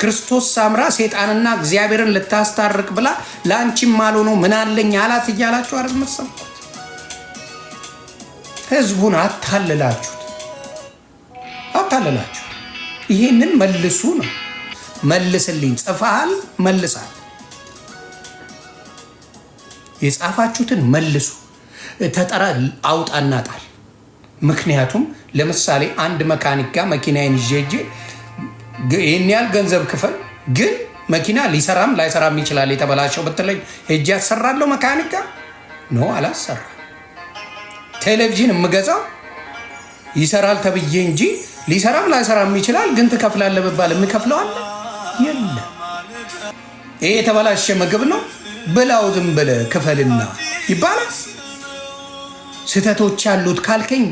ክርስቶስ ሳምራ ሴጣንና እግዚአብሔርን ልታስታርቅ ብላ ለአንቺም አልሆነው ምን አለኝ አላት እያላችሁ አይደል መሰብኩት። ህዝቡን አታልላችሁት አታልላችሁ። ይህንን መልሱ ነው። መልስልኝ ጽፈሃል፣ መልሳል። የጻፋችሁትን መልሱ። ተጠራ አውጣ እናጣል ምክንያቱም ለምሳሌ አንድ መካኒክ ጋር መኪናዬን ይዤ ይህን ያህል ገንዘብ ክፈል፣ ግን መኪና ሊሰራም ላይሰራም ይችላል። የተበላሸው ብትለኝ ሄጄ ያሰራለሁ መካኒክ ጋር ኖ አላሰራ። ቴሌቪዥን የምገዛው ይሰራል ተብዬ እንጂ ሊሰራም ላይሰራም ይችላል፣ ግን ትከፍላለህ ብባል የምከፍለው አለ የለም። ይሄ የተበላሸ ምግብ ነው ብላው ዝም ብለህ ክፈልና ይባላል። ስህተቶች ያሉት ካልከኝ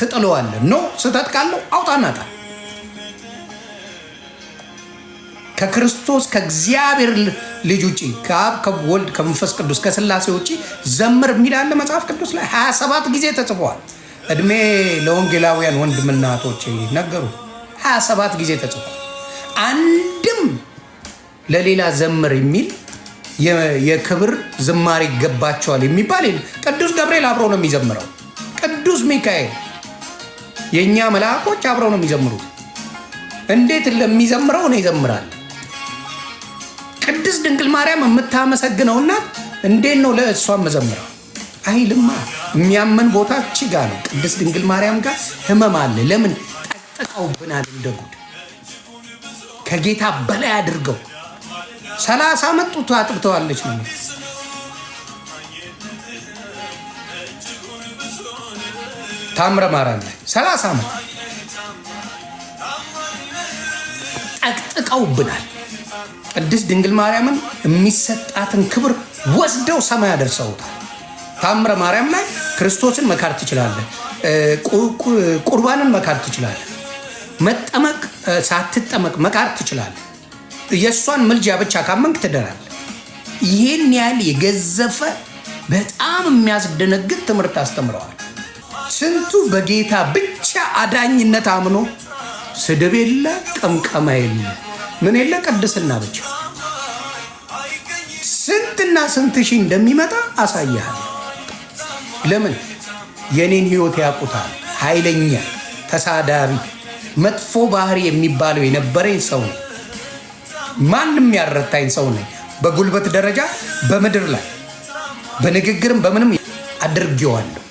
ትጥለዋለህ። ኖ ስህተት ካለው አውጣ ጣል። ከክርስቶስ ከእግዚአብሔር ልጅ ውጭ ከአብ ከወልድ ከመንፈስ ቅዱስ ከስላሴ ውጭ ዘምር የሚላለ መጽሐፍ ቅዱስ ላይ 27 ጊዜ ተጽፏል። እድሜ ለወንጌላውያን ወንድምና እህቶች ነገሩ 27 ጊዜ ተጽፏል። አንድም ለሌላ ዘምር የሚል የክብር ዝማሬ ይገባቸዋል የሚባል ቅዱስ ገብርኤል አብሮ ነው የሚዘምረው። ቅዱስ ሚካኤል የእኛ መልአኮች አብረው ነው የሚዘምሩት። እንዴት ለሚዘምረው ነው ይዘምራል። ቅድስት ድንግል ማርያም የምታመሰግነው እናት እንዴት ነው ለእሷ መዘምረው አይልማ። የሚያመን ቦታ እቺ ጋ ነው፣ ቅድስት ድንግል ማርያም ጋር ህመም አለ። ለምን ጠቅጥቀውብናል? እንደ ጉድ ከጌታ በላይ አድርገው ሰላሳ መጡት አጥብተዋለች ነው ታምረ ማርያም ላይ ሰላሳ መጡ ጠቅጥቀውብናል። ቅድስት ድንግል ማርያምን የሚሰጣትን ክብር ወስደው ሰማይ አደርሰውታል። ታምረ ማርያም ላይ ክርስቶስን መካድ ትችላለህ። ቁርባንን መካድ ትችላለህ። መጠመቅ ሳትጠመቅ መቃር ትችላለህ። የእሷን ምልጃ ብቻ ካመንክ ትደራል። ይህን ያህል የገዘፈ በጣም የሚያስደነግጥ ትምህርት አስተምረዋል። ስንቱ በጌታ ብቻ አዳኝነት አምኖ ስድብ የለ ቀምቀማ የለ ምን የለ ቅድስና ብቻ ስንትና ስንት ሺህ እንደሚመጣ አሳያል? ለምን የኔን ህይወት ያውቁታል። ኃይለኛ ተሳዳቢ፣ መጥፎ ባህሪ የሚባለው የነበረኝ ሰው ነ? ማንም ያረታኝ ሰው ነኝ። በጉልበት ደረጃ በምድር ላይ በንግግርም በምንም አድርጌዋለሁ።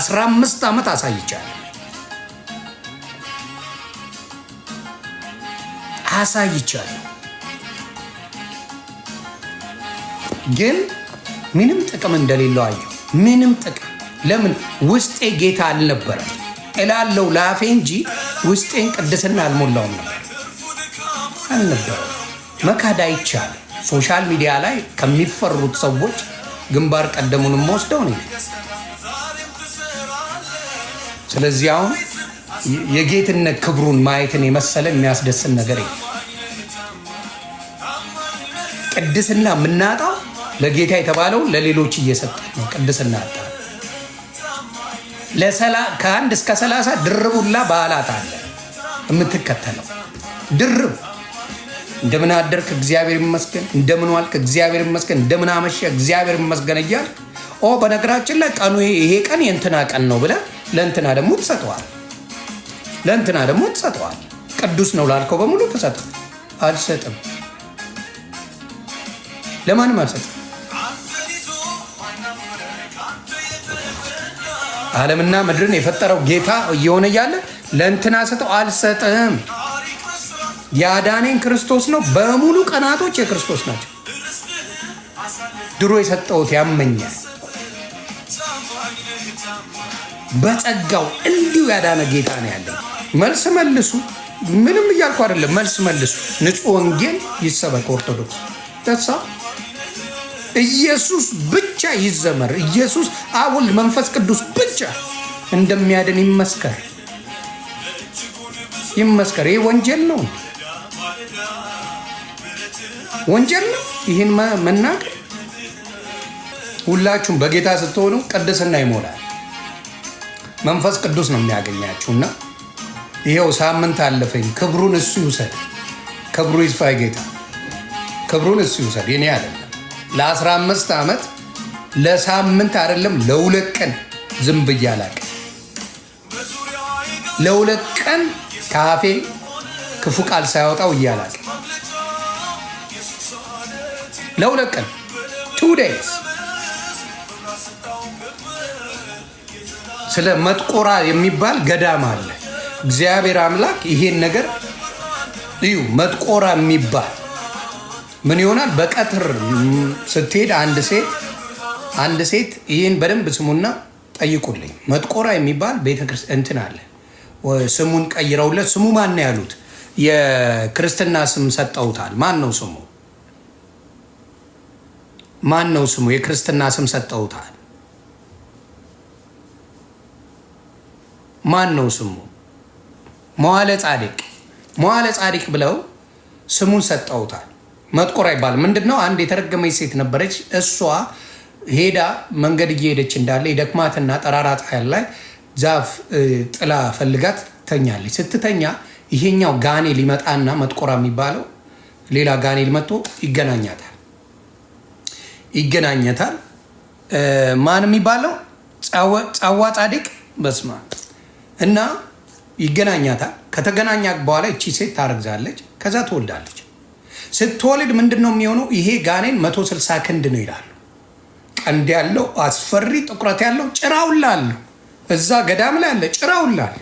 አስራ አምስት ዓመት አሳይቻለሁ። አሳይቻለሁ። ግን ምንም ጥቅም እንደሌለው አየሁ። ምንም ጥቅም ለምን ውስጤ ጌታ አልነበረም እላለው ላፌ እንጂ ውስጤን ቅድስና አልሞላውም ነበር አልነበረ መካድ አይቻልም። ሶሻል ሚዲያ ላይ ከሚፈሩት ሰዎች ግንባር ቀደሙንም ወስደው ነው። ስለዚህ አሁን የጌትነት ክብሩን ማየትን የመሰለ የሚያስደስን ነገር ቅድስና የምናጣው ለጌታ የተባለው ለሌሎች እየሰጠ ነው። ቅድስና አጣ ከአንድ እስከ ሰላሳ ድርቡላ በዓላት አለ የምትከተለው ድርብ እንደምን አደርክ እግዚአብሔር ይመስገን፣ እንደምን ዋልክ እግዚአብሔር ይመስገን፣ እንደምን አመሸ እግዚአብሔር ይመስገን እያልክ ኦ በነገራችን ላይ ቀኑ ይሄ ቀን የእንትና ቀን ነው ብለህ ለእንትና ደግሞ ትሰጠዋል። ለእንትና ደግሞ ትሰጠዋል። ቅዱስ ነው ላልከው በሙሉ ትሰጠ። አልሰጥም፣ ለማንም አልሰጥም። ዓለምና ምድርን የፈጠረው ጌታ እየሆነ እያለ ለእንትና ሰጠው፣ አልሰጥም። የአዳኔን ክርስቶስ ነው። በሙሉ ቀናቶች የክርስቶስ ናቸው። ድሮ የሰጠውት ያመኛል። በጸጋው እንዲሁ ያዳነ ጌታ ነው ያለው። መልስ መልሱ። ምንም እያልኩ አይደለም። መልስ መልሱ። ንጹሕ ወንጌል ይሰበክ ኦርቶዶክስ ተሳ ኢየሱስ ብቻ ይዘመር። ኢየሱስ አብ፣ ወልድ፣ መንፈስ ቅዱስ ብቻ እንደሚያድን ይመስከር ይመስከር። ይህ ወንጀል ነው፣ ወንጀል ነው ይህን መናገር። ሁላችሁም በጌታ ስትሆኑ ቅድስና ይሞላል። መንፈስ ቅዱስ ነው የሚያገኛችሁና ይኸው ሳምንት አለፈኝ። ክብሩን እሱ ይውሰድ። ክብሩ ይስፋ ጌታ ክብሩን እሱ ይውሰድ። የኔ አይደለም። ለ15 ዓመት ለሳምንት አይደለም ለሁለት ቀን ዝም ብዬ አላቅም። ለሁለት ቀን ከአፌ ክፉ ቃል ሳያወጣው እያላቅም ለሁለት ቀን ቱ ዴይዝ ስለ መጥቆራ የሚባል ገዳም አለ እግዚአብሔር አምላክ ይሄን ነገር እዩ። መጥቆራ የሚባል ምን ይሆናል? በቀትር ስትሄድ አንድ ሴት አንድ ሴት ይህን በደንብ ስሙና ጠይቁልኝ። መጥቆራ የሚባል ቤተክርስቲያን እንትን አለ። ስሙን ቀይረውለት ስሙ ማን ነው ያሉት? የክርስትና ስም ሰጠውታል። ማን ነው ስሙ? ማን ነው ስሙ? የክርስትና ስም ሰጠውታል። ማን ነው ስሙ? መዋለ ጻድቅ መዋለ ጻድቅ ብለው ስሙን ሰጠውታል። መጥቆር አይባል ምንድን ነው? አንድ የተረገመች ሴት ነበረች። እሷ ሄዳ መንገድ እየሄደች እንዳለ የደክማትና ጠራራ ፀሐይ ላይ ዛፍ ጥላ ፈልጋት ተኛለች። ስትተኛ ይሄኛው ጋኔ ሊመጣና መጥቆራ የሚባለው ሌላ ጋኔ መጥቶ ይገናኛታል ይገናኘታል። ማን የሚባለው ጸዋ ጻድቅ በስማ እና ይገናኛታል። ከተገናኛ በኋላ እቺ ሴት ታረግዛለች፣ ከዛ ትወልዳለች። ስትወልድ ምንድን ነው የሚሆነው? ይሄ ጋኔን ስልሳ ክንድ ነው ይላሉ። ቀንድ ያለው አስፈሪ ጥቁረት ያለው ጭራውላ እዛ ገዳም ላይ አለ ጭራውላል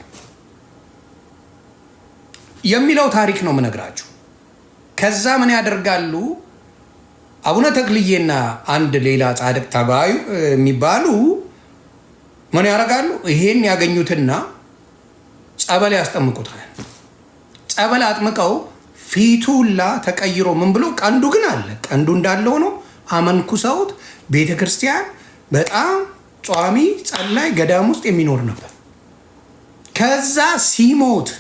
የሚለው ታሪክ ነው ምነግራችሁ። ከዛ ምን ያደርጋሉ? አቡነ ተክልዬና አንድ ሌላ ጻድቅ ተባዩ የሚባሉ ምን ያደርጋሉ? ይሄን ያገኙትና ጸበል ያስጠምቁታል። ጸበል አጥምቀው ፊቱላ ተቀይሮ ምን ብሎ ቀንዱ ግን አለ። ቀንዱ እንዳለ ሆኖ ሰውት ቤተ ክርስቲያን በጣም ጿሚ ጸላይ ገዳም ውስጥ የሚኖር ነበር። ከዛ ሲሞት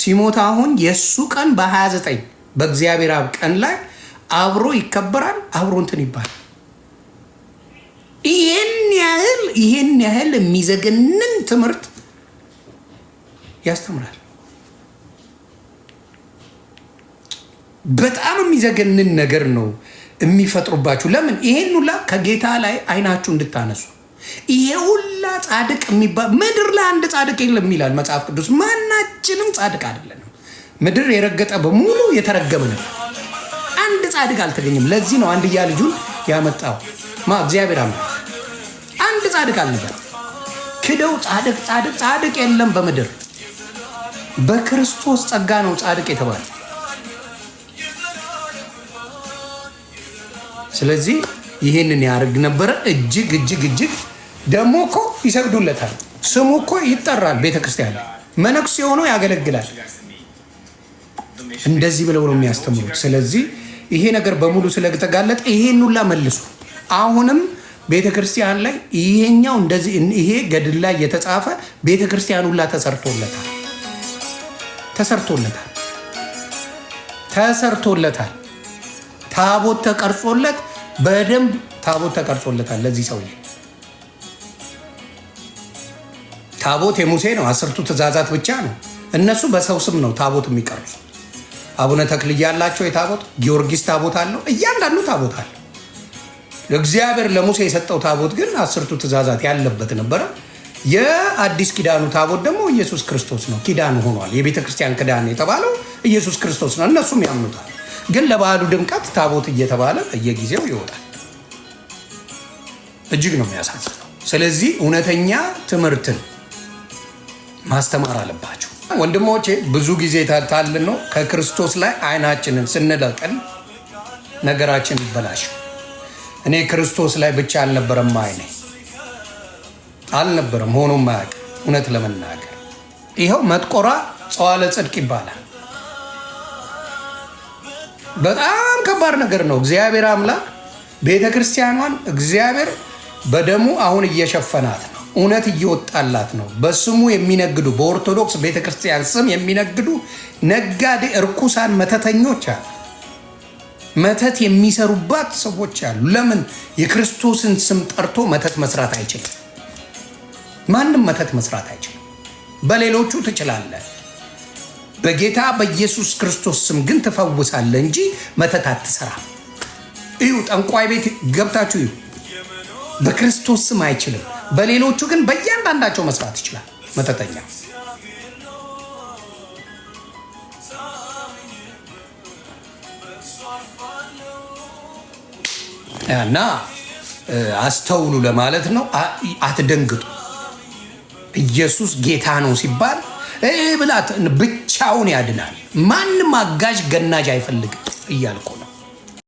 ሲሞት አሁን የእሱ ቀን በ29 በእግዚአብሔር አብ ቀን ላይ አብሮ ይከበራል። አብሮ እንትን ይባላል። ይህን ያህል ይህን ያህል የሚዘገንን ትምህርት ያስተምራል። በጣም የሚዘገንን ነገር ነው የሚፈጥሩባችሁ። ለምን ይሄን ሁላ ከጌታ ላይ አይናችሁ እንድታነሱ ይሄ ሁላ ጻድቅ የሚባል ምድር ላይ አንድ ጻድቅ የለም ይላል መጽሐፍ ቅዱስ። ማናችንም ጻድቅ አይደለንም። ምድር የረገጠ በሙሉ የተረገመ ነው። አንድ ጻድቅ አልተገኘም። ለዚህ ነው አንድያ ልጁን ያመጣው ማ እግዚአብሔር አለ። አንድ ጻድቅ አልነበር ክደው ጻድቅ ጻድቅ ጻድቅ የለም በምድር በክርስቶስ ጸጋ ነው ጻድቅ የተባለ። ስለዚህ ይህንን ያደርግ ነበረ። እጅግ እጅግ እጅግ ደግሞ እኮ ይሰግዱለታል። ስሙ እኮ ይጠራል። ቤተክርስቲያን መነኩሴ ሆኖ ያገለግላል። እንደዚህ ብለው ነው የሚያስተምሩት። ስለዚህ ይሄ ነገር በሙሉ ስለተጋለጠ ይሄን ሁላ መልሱ። አሁንም ቤተ ክርስቲያን ላይ ይሄኛው እንደዚህ ይሄ ገድል ላይ የተጻፈ ቤተ ክርስቲያን ሁላ ተሰርቶለታል። ተሰርቶለታል ተሰርቶለታል። ታቦት ተቀርጾለት በደንብ ታቦት ተቀርጾለታል። ለዚህ ሰውዬ ታቦት የሙሴ ነው፣ አስርቱ ትእዛዛት ብቻ ነው። እነሱ በሰው ስም ነው ታቦት የሚቀርጹ። አቡነ ተክልያ ያላቸው የታቦት ጊዮርጊስ ታቦት አለው። እያንዳንዱ ታቦት አለው። እግዚአብሔር ለሙሴ የሰጠው ታቦት ግን አስርቱ ትእዛዛት ያለበት ነበረ። የአዲስ ኪዳኑ ታቦት ደግሞ ኢየሱስ ክርስቶስ ነው። ኪዳን ሆኗል። የቤተ ክርስቲያን ክዳን የተባለው ኢየሱስ ክርስቶስ ነው። እነሱም ያምኑታል። ግን ለበዓሉ ድምቀት ታቦት እየተባለ በየጊዜው ይወጣል። እጅግ ነው የሚያሳዝነው። ስለዚህ እውነተኛ ትምህርትን ማስተማር አለባቸው። ወንድሞቼ ብዙ ጊዜ ታልን ነው ከክርስቶስ ላይ አይናችንን ስንለቅን ነገራችን ይበላሽ። እኔ ክርስቶስ ላይ ብቻ አልነበረም አይነኝ አልነበረም ሆኖ ማያውቅ እውነት ለመናገር ይኸው መጥቆራ ጸዋለ ጽድቅ ይባላል። በጣም ከባድ ነገር ነው። እግዚአብሔር አምላክ ቤተ ክርስቲያኗን እግዚአብሔር በደሙ አሁን እየሸፈናት ነው። እውነት እየወጣላት ነው። በስሙ የሚነግዱ በኦርቶዶክስ ቤተ ክርስቲያን ስም የሚነግዱ ነጋዴ፣ እርኩሳን መተተኞች አሉ። መተት የሚሰሩባት ሰዎች አሉ። ለምን የክርስቶስን ስም ጠርቶ መተት መስራት አይችልም? ማንም መተት መስራት አይችልም። በሌሎቹ ትችላለህ። በጌታ በኢየሱስ ክርስቶስ ስም ግን ትፈውሳለህ እንጂ መተት አትሰራም። እዩ፣ ጠንቋይ ቤት ገብታችሁ እዩ። በክርስቶስ ስም አይችልም። በሌሎቹ ግን በእያንዳንዳቸው መስራት ይችላል። መተተኛ እና አስተውሉ ለማለት ነው። አትደንግጡ። ኢየሱስ ጌታ ነው ሲባል ብላት ብቻውን ያድናል። ማንም አጋዥ ገናዥ አይፈልግም እያልኩ